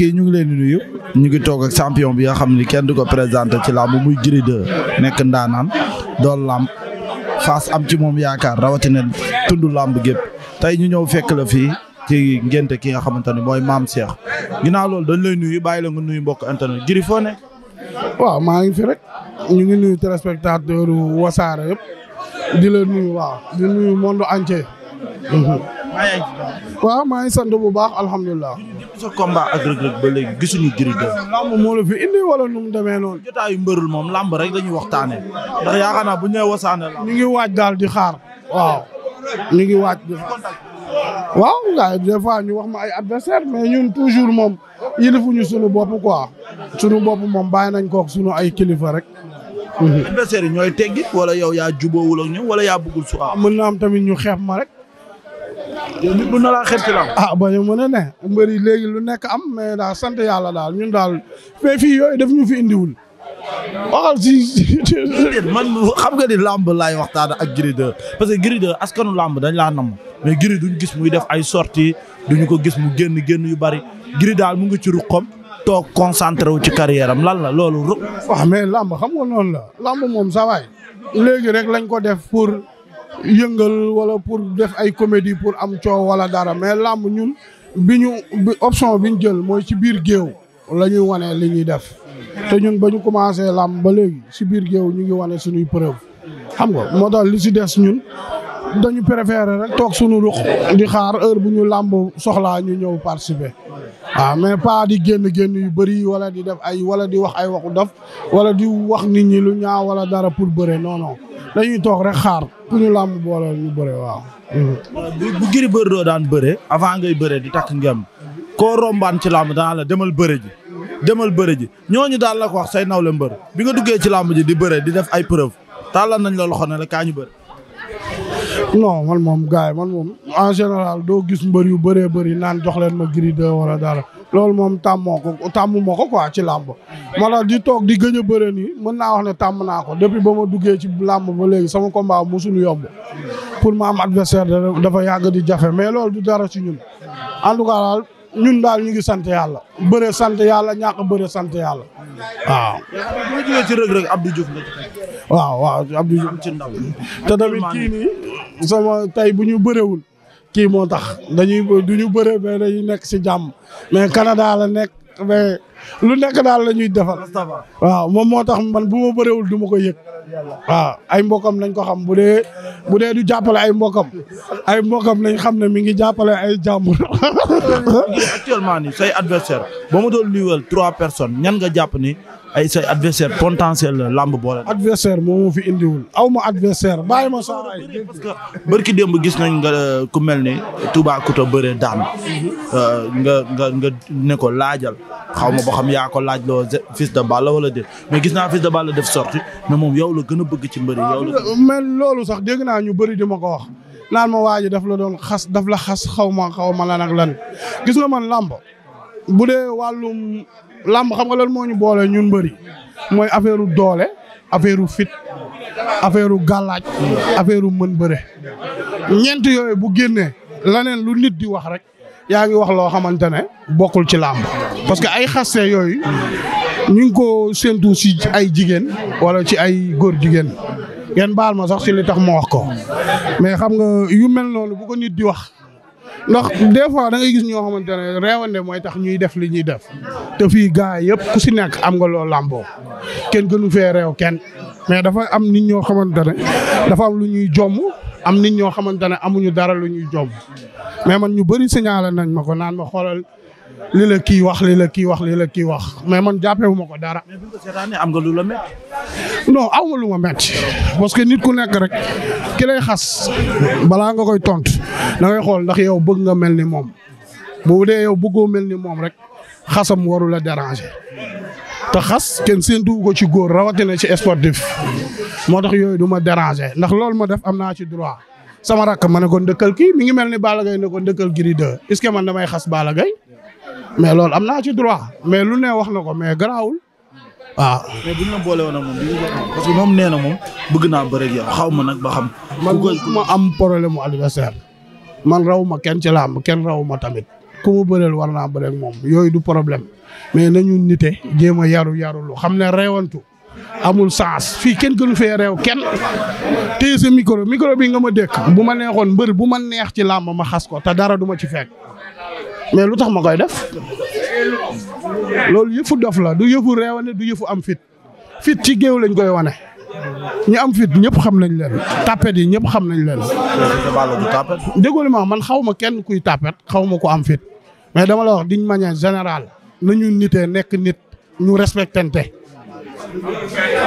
kii ñu ngi leen di nuyu ñu ngi toog ak champion bi nga xam ni kenn du ko présenté ci làmb muy Gris 2 nekk ndaanaan doon làmb Fass am ci moom yaakaar rawatina tund làmb gépp tey ñu ñëw fekk la fii ci ngénte ki nga xamante ne mooy Maam Cheikh ginnaaw loolu dañ lay nuyu bàyyi la nga nuyu mbokk internet Gris foo waaw maa ngi fi rek ñu ngi nuyu téléspectateur wasaare yëpp di la nuyu waaw di nuyu monde entier mm-hmm. waaw maa ngi sant bu baax alhamdulilah sa combat ak ba léegi gisuñu Gris 2. lamb moo la fi indi wala nu mu demee noonu. jotaayu mbërul moom lamb rek la ñuy waxtaanee ndax yaakaar naa bu ñu nee wasaane la. ñu ngi waaj daal di xaar. waaw ñu ngi waaj di xaar. waaw nga des fois ñu wax ma ay adversaire mais ñun toujours moom yilifuñu suñu bopp quoi suñu bopp moom bàyyi nañ kook suñu ay kilifa rek. adversaire yi ñooy teggi wala yow yaa jubóowul ak ñoom wala yaa bëggul su. Ah, mën na am tamit ñu xeeb ma rek. nit bu nalaa xet ci lam ah bañu mën a ne mbër yi léegi lu nekk am mais daa sant yàlla daal ñun daal mais fii yooyu daf ñu fi indiwul waxal si man xam nga ni làmb laay waxtaan ak Gris 2 parce que Gris 2 askanu làmb dañ laa namm mais Gris duñ gis muy def ay sorti duñu ko gis mu génn génn yu bari Gris daal mu ngi ci ruqam toog concentré wu ci carrière lan la loolu ruq waaw mais làmb xam nga noonu la làmb moom sa waay rek lañ ko def pour yëngal wala pour def ay comédie pour am coow wala dara mais làmb ñun bi ñu option bi ñu jël mooy ci biir géew la ñuy wane li ñuy def te ñun ba ñu commencé làmb ba léegi si biir géew ñu ngi wane suñuy preuve xam nga moo daal li si des ñun dañu préféré rek toog suñu ruq di xaar heure bu ñu làmb soxlaa ñu ñëw participer waa ah, mais pas di génn génn yu bëri wala di def ay wala di wax ay waxu dof wala di wax nit ñi lu ñaaw wala dara pour bëre non non dañuy toog rek xaar ku ñu làmb boole ñu bëre waaw. bu Gris doo daan bëre avant ngay bëre di takk ngem koo rombaan ci làmb daan la demal bëre ji demal bëre ji ñooñu daan la ko wax say nawle mbër bi nga duggee ci làmb ji di bëre di def ay preuve tàllal nañ la loxo ne la kaa ñu bëre. non man moom gars yi man moom en général doo gis mbër yu bëree bëri naan jox leen ma Gris 2 wala dara loolu moom tàmmoo ko tàmm ko quoi ci làmb moo tax di toog di gëj a bëre nii mën naa wax ne tàmm naa ko depuis ba ma duggee ci làmb ba léegi sama combat mosul yomb pour ma am adversaire dafa yàgg di jafe mais loolu du dara ci ñun en tout cas daal ñun daal ñu ngi sant yàlla bëre sant yàlla ñàkk bëre sant yàlla waaw. boo jógee ci Reug waaw waaw Abdou Diouf ci ndam te tamit kii nii sama tey bu ñu bëreewul kii moo tax dañuy du ñu bëre mais dañuy nekk si jàmm mais Canada la nekk mais lu nekk daal la ñuy defal waaw moom moo tax man bu ma bëreewul du ma ko yëg waaw ay mbokam nañ ko xam bu dee bu dee du jàppale ay mbokam ay mbokam nañ xam ne mi ngi jàppale ay jàmbur actuellement ni say adversaire ba ma doon liwal trois personnes ñan nga jàpp ni ay say adversaire potentiel la làmb boole. adversaire moom moo fi indiwul aw ma adversaire bàyyi ma saa ay. parce que barki gis nañ nga euh, ku mel ni Toubacouta bëree daan euh, nga nga nga ne ko laajal xaw ma ba xam yaa ko laaj loo Fils de Balla wala déet mais gis naa Fils de Balla def sorti mais moom yow la gën a bëgg ci mbëri yow la. Ah, loolu sax dégg naa ñu bëri di ma ko wax naan ma waa ji daf la doon xas daf la xas xaw xaw ma lan ak gis nga man làmb bu dee wàllum làmb xam nga lan moo ñu boole ñun mbëri mooy affaire doole affaire fit affaire gàllaaj affaire mën bëre ñeent yooyu bu génne laneen lu nit di wax rek yaa ngi wax loo xamante ne bokkul ci làmb parce que ay xaste yooyu ñu ngi ko séntu si ay jigéen wala ci ay góor jigéen ngeen baal ma sax si li tax ma wax ko mais xam nga yu mel noonu bu ko nit di wax ndox des fois da ngay gis ñoo xamante ne réewande mooy tax ñuy def li ñuy def te fii gars yëpp ku si nekk am nga loo làmboo kenn gënu fee réew kenn mais dafa am nit ñoo xamante ne dafa am lu ñuy jomm am nit ñoo xamante ne amuñu dara lu ñuy jom mais man ñu bëri signalé nañ ma ko naan ma xoolal li la kii wax li la kii wax li la kii wax mais man jàppewu ma ko dara. mais bu am nga lu la métti. non aw ma lu ma métti parce que nit ku nekk rek ki xas balaa nga koy tontu da ngay xool ndax yow bëgg nga mel ni moom bu dee yow bëggoo mel ni moom rek xasam waru la déranger. te xas kenn séentu ko ci góor rawatina ci sportif moo tax yooyu du ma déranger ndax loolu ma def am naa ci droit sama rakk ma ne ko ndëkkal kii mi ngi mel ni Balla Gaye ne ko ndëkkal Gris 2 est-ce que man damay xas Balla Gaye mais loolu am naa ci droit mais lu ne wax na ko mais garaawul waaw. mais bu ñu la boole woon ak moom du moom nee na moom bëgg naa bëri xaw ma nag ba xam. man mu am problème mu adversaire man raw ma kenn ci làmb kenn raw ma tamit ku mu bëreel war naa bëri ak moom yooyu du problème. mais nañu nite jéem a yaru yarulu xam ne reewantu amul sens fii kenn gënu fee réew kenn téye sa micro micro bii nga ma dëkk bu ma neexoon mbër bu ma neex ci làmb ma xas ko te dara duma ci fekk mais lu tax ma koy def loolu yëfu dof la du yëfu réewane du yëfu am fit fit ci géew lañ koy wane ñu am fit ñëpp xam nañ leen tapet yi ñëpp xam nañ leen déggoo ma man xaw ma kenn kuy tapet xaw ma ko am fit mais dama la wax d'une manière générale nañu nite nekk nit ñu respectante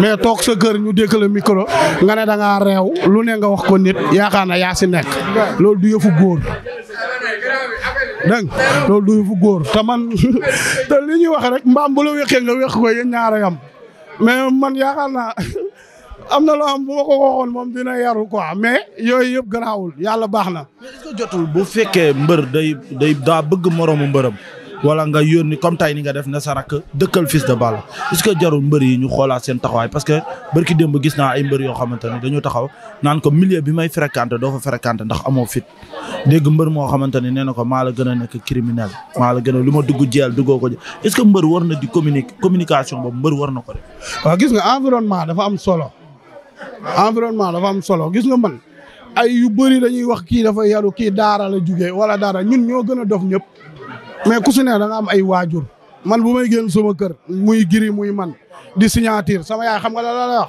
mais toog sa kër ñu dégg la micro nga ne danga ngaa réew lu ne nga wax ko nit yaakaar na yaa si nekk loolu du yëfu góor dégg loolu du yëfu góor te man te li ñuy wax rek mbaam bu la wéqee nga wéq ko yéen ñaara yam mais man yaakaar naa am na loo xam bu ma ko waxoon moom dina yaru quoi mais yooyu yëpp garaawul yàlla baax na. mais jotul bu fekkee mbër day day daa bëgg moroomu mbërëm. wala nga yónni comme tay ni nga def na sa rakk dëkkal Fils de Balla est-ce mbër yi ñu xoolaat seen taxawaay parce que barki démb gis naa ay mbër yoo xamante ne dañoo taxaw naan ko milieu bi may fréquenté doo fa fréquenté ndax amoo fit dégg mbër moo xamante ne nee na ko maa la gën a nekk criminel maa la gën a lu ma dugg jel duggoo ko est-ce que mbër war na di communique communication boobu mbër war na ko def. waaw gis nga environnement dafa am solo environnement dafa am solo gis nga man ay yu bëri dañuy wax kii dafa yaru kii daara la jugee wala daara ñun ñoo gën a dof ñëpp mais ku su ne nga am ay waajur man bu may génn sama kër muy giri muy man di signature sama yaay xam nga la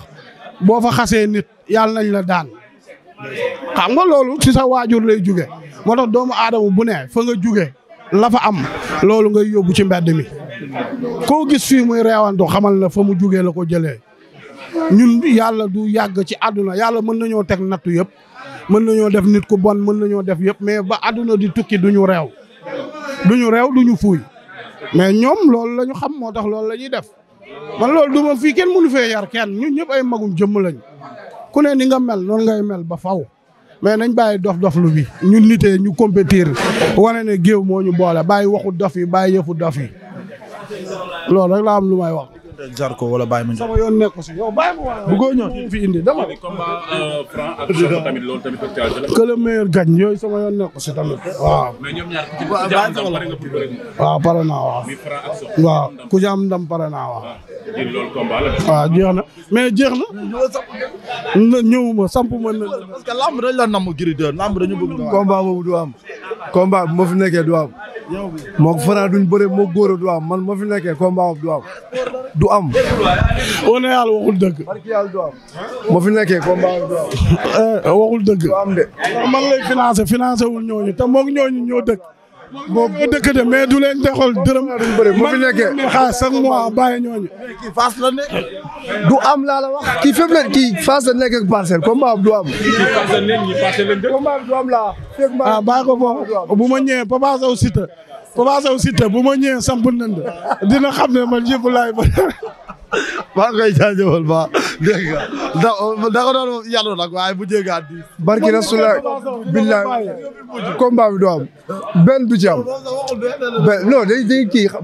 boo fa xasee nit yàlla nañ la daan xam nga loolu ci sa waajur lay juge moo tax doomu aadama bu ne fa nga juge la fa am loolu ngay yóbbu ci mbedd mi koo gis fii muy reewantu xamal na fa mu jugee la ko jëlee ñun yàlla du yàgg ci àdduna yàlla mën nañoo teg nattu yëpp mën nañoo def nit ku bon mën nañoo def yëpp mais ba àdduna di tukki duñu reew du ñu reew du ñu fuuñ mais ñoom loolu la ñu xam moo tax loolu la ñuy def man loolu du ma fii kenn mënu fee yar kenn ñun ñëpp ay magum jëmm lañ ku ne ni nga mel noonu ngay mel ba faw mais nañ bàyyi dof dof lu bi ñun nitee ñu compétir wane ne géew moo ñu boole bàyyi waxu dof yi bàyyi yëfu dof yi loolu rek laa am lu may wax Zarko wala Baye Mandione. nekk si yow bàyyi ma waaye. nekk si tamit. waaw mais ñoom ñaar ku ci am pare nga pour jeex na mais jeex na. ñëwuma samp ma na. parce que lamb dañ la namm giri de lamb dañu nekkee du am. moog Franc duñ bëre moo góor du am man ma fi nekkee combat du am du am. wane yàlla waxul dëgg. barki yàlla du am. ma fi nekkee combat du am. Eh, waxul dëgg. du am de. man lay financé financé wul ñooñu te moog ñooñu ñoo dëgg. boo dëkk de mais du leen joxal dërëm. mu fi nekkee man xaar chaque mois bàyyi ñooñu. kii Fass la ne du am laa la wax kii fépp la kii Fass la nekk ak parcelle comme maam du am. comme maam du am laa. ah bàyyi ko foofu bu ma ñëwee Papa Sow Siteu Papa Sow Siteu bu ma ñëwee samp nañ dina xam ne man yëpp laay ba. maa ngi koy jaajëfal ba dégg nga ndax doon yàlla nag waaye bu jéggi at bii. barki Rasulullah billahi combat bi du am benn du ci am benn non day day xam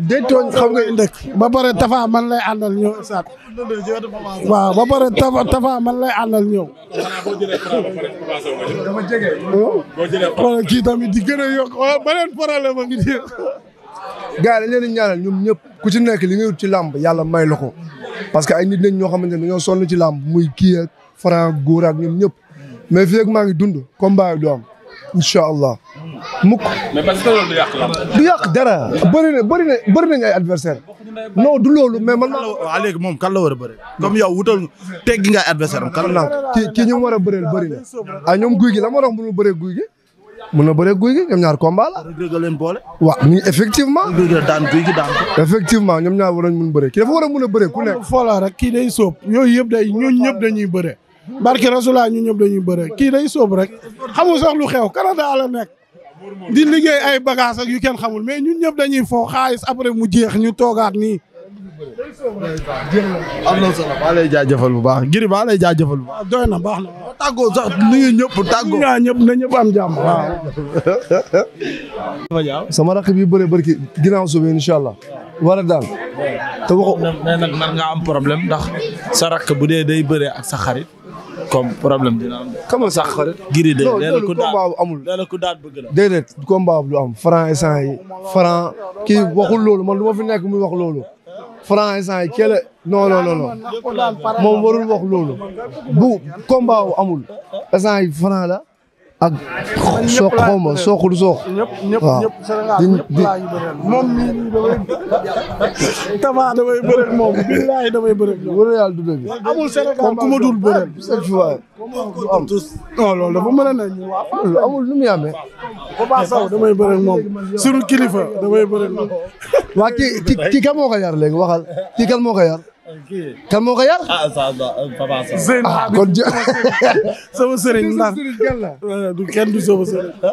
ndek ba pare Tafa man lay àndal ñëw saat waaw ba pare Tafa man lay àndal ñëw. dama jege. kii tamit di gën a yokk beneen problème a ngi gars yi dañ ñaanal ñoom ñëpp ku ci nekk li ngay wut ci làmb yàlla may la ko parce que ay nit lañ ñoo xamante ne dañoo sonn ci làmb mu kii ak Franc góor ak ñoom ñëpp mais fii ak maa ngi dund combat yi du am incha allah mukk. du yàq làmb. du yàq dara. bëri na bëri na bëri nañ ay adversaire non du loolu mais man. waaw ah, léegi moom kan la war a bëri. comme yow wutal teggi nga ay adversaire am kan la. kii kii ñu war a bëreel bëri na. ah ñoom guy gi la moo tax mënul bëree guy gi. mun a bëree guy gi ñoom ñaar combat la. rëgg leen boole. waaw ni effectivement. rëgg daan guy gi daan effectivement ñoom ñaar war a mën bëree kii dafa war a mën a bëree ku nekk. foolaa rek kii day sóob yooyu yëpp day ñooñu ñëpp dañuy bëree. barke Rasulaa ñu ñëpp dañuy bëree kii day sóob rek xamul sax lu xew Canada la nekk. di liggéey ay bagage ak yu kenn xamul mais ñun ñëpp dañuy foo xaalis après mu jeex ñu toogaat nii am na jaajëfal bu baax ngir baax lay jaajëfal bu baax. doy na baax na waaw tàggoo sax nuyu ñëpp tàggoo. ñaa ñëpp na ñëpp am jàmm sama rakk bi bëre bëri ki ginnaaw suba incha allah war daan te waxu. mais nga am problème ndax sa rakk bu dee day bëree ak sa xarit. comme problème dina am. comment sax xarit. giri de daal amul léeg-léeg ku daal bëgg la. déedéet combat bu am franc et sang yi waxul loolu man du ma fi nekk muy wax loolu. Franc instant yi kele non non non moom warul wax loolu bu combat wu amul instant yi Franc la ak soq xaw ma soqul soq. ñëpp moom mii tamaa damay bëreel moom billahi damay bëreel. wala yàlla du dëgg. amul Sénégal kon ku ma dul bëreel. cette fois du a ne ñu amul nu muy amee. Papa kilifa damay bëreel waa ki ki kan moo ko yar léegi waxal ki kan moo ko yar. kan moo ko yar. ah papa ah kon jë. sama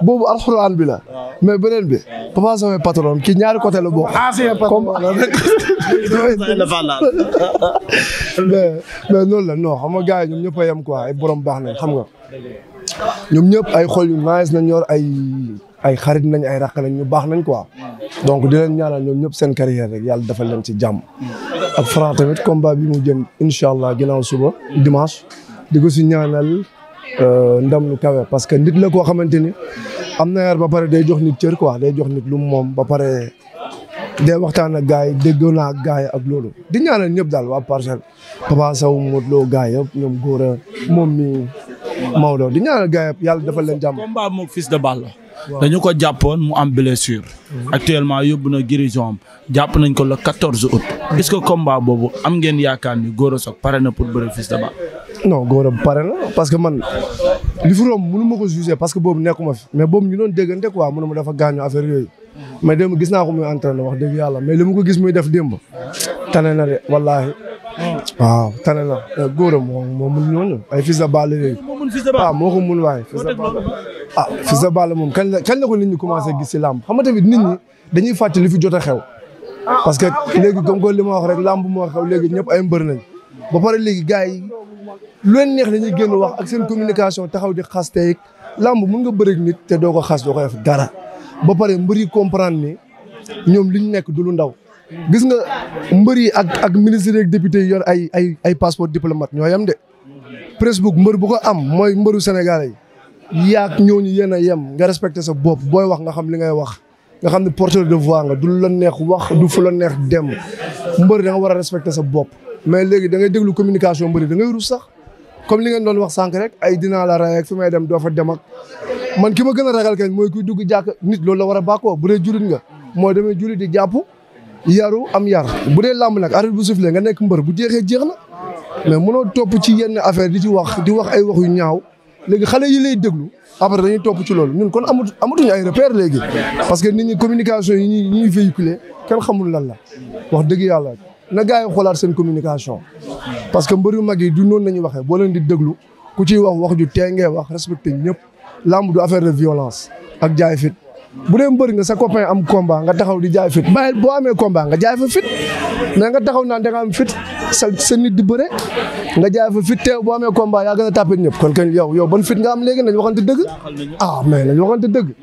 boobu alxuraan bi la. Ah. mais beneen bi. papa sama patron ki ñaari côté la bokk. ah patron mais la non xam nga gars yi ñoom ñëpp a yem quoi ay borom baax nañ xam nga. ñoom ñëpp ay xol yu nice nañ yor ay ay xarit nañ ay rakk nañ ñu baax nañ quoi. donc di leen ñaanal ñoom ñëpp seen carrière rek yàlla defal leen ci jàmm. ak Franc tamit combat bi mu jëm incha allah ginnaaw suba dimanche di ko si ñaanal euh, ndam lu kawe parce que nit la koo xamante ni am na yar ba pare day jox nit cër waa day jox nit lu moom ba pare day waxtaan ak gars yi déggoo naa ak gars yi ak loolu di ñaanal ñëpp daal waa parcelle Papa Sow Modou Lo yëpp ñoom góor moom mi Maodo di ñaanal gars yëpp yàlla dafa leen jàmm. combat moom fils de balle dañu ko jàppoon mu am blessure. actuellement yóbbu na guérison am jàpp nañ ko la quatorze août. est-ce que combat boobu am ngeen yaakaar ni Gora Sock pare na pour bëre Fils de Balla. non Gora pare na parce que man li fi romb ma ko juger parce que boobu nekkuma fi mais boobu ñu doon déggante quoi mënu ma dafa gaañu yooyu. mais démb gis naa ko muy entraîné wax dëgg yàlla mais li mu ko gis muy def démb. tane na de wallaahi. waaw tane na euh, góor a moom moo mun ay Fils de ah, moo ko mun waaye Fils de Balla ah Fils sa Balla moom kañ la kañ la ko nit commencé gis si làmb xam nga tamit nit dañuy fàtte li fi jot a xew. parce que léegi comme li ma wax rek làmb moo xew léegi ñëpp ay mbër nañ ba pare léegi gars yi lu leen neex dañuy génn wax ak seen communication taxaw di xas làmb mun nga bëreeg nit te doo ko xas doo ko def dara ba pare mbër yi comprendre ñoom li ñu nekk du lu ndaw. gis nga mbër yi ak ak ministre ak député yi yor ay ay ay passeport diplomate ñoo yam de presse book mbër bu ko am mooy mbëru Sénégalais yi. yaag ñooñu yéen a yem nga respecté sa bopp booy wax nga xam li ngay wax nga xam ne porteur de voix nga du la neex wax du fu la neex dem mbër da nga war a respecté sa bopp mais léegi da ngay déglu communication mbëri da ngay rus sax comme li ngeen doon wax sànq rek ay dinaa la rey ak fi may dem doo fa dem ak man ki ma gën a ragal keen mooy ku dugg jàkk nit loolu la war a bàkkoo bu dee julit nga moo demee julit di jàpp yaru am yar bu dee làmb nag arbitre bu soufflé nga nekk mbër bu jeexee jeex na mais mënoo topp ci yenn affaire di ci wax di wax ay wax yu ñaaw léegi xale yi lay déglu après dañuy topp ci loolu ñun kon amatu amatuñu ay repère léegi parce que nit ñi communication yi ñuy ñuy véhiculer kenn xamul lan la wax dëgg yàlla na gars yi xoolaat seen communication. parce que mbër yu mag yi du noonu la ñuy waxee boo leen di déglu ku ci wax wax ju tee ngay wax respecté ñëpp lamb du affaire de violence ak jaay fit. bu dee mbër nga sa copain am combat nga taxaw di jaay fit bàyyil boo amee combat nga jaay fa fit mais nga taxaw naan da nga fit. sa sa nit di bëre nga jaay fa fit teew boo amee combat yaa gën a tàppit ñëpp kon kañ yow yow ban fit nga am léegi nañ waxante dëgg ah mais nañ waxante dëgg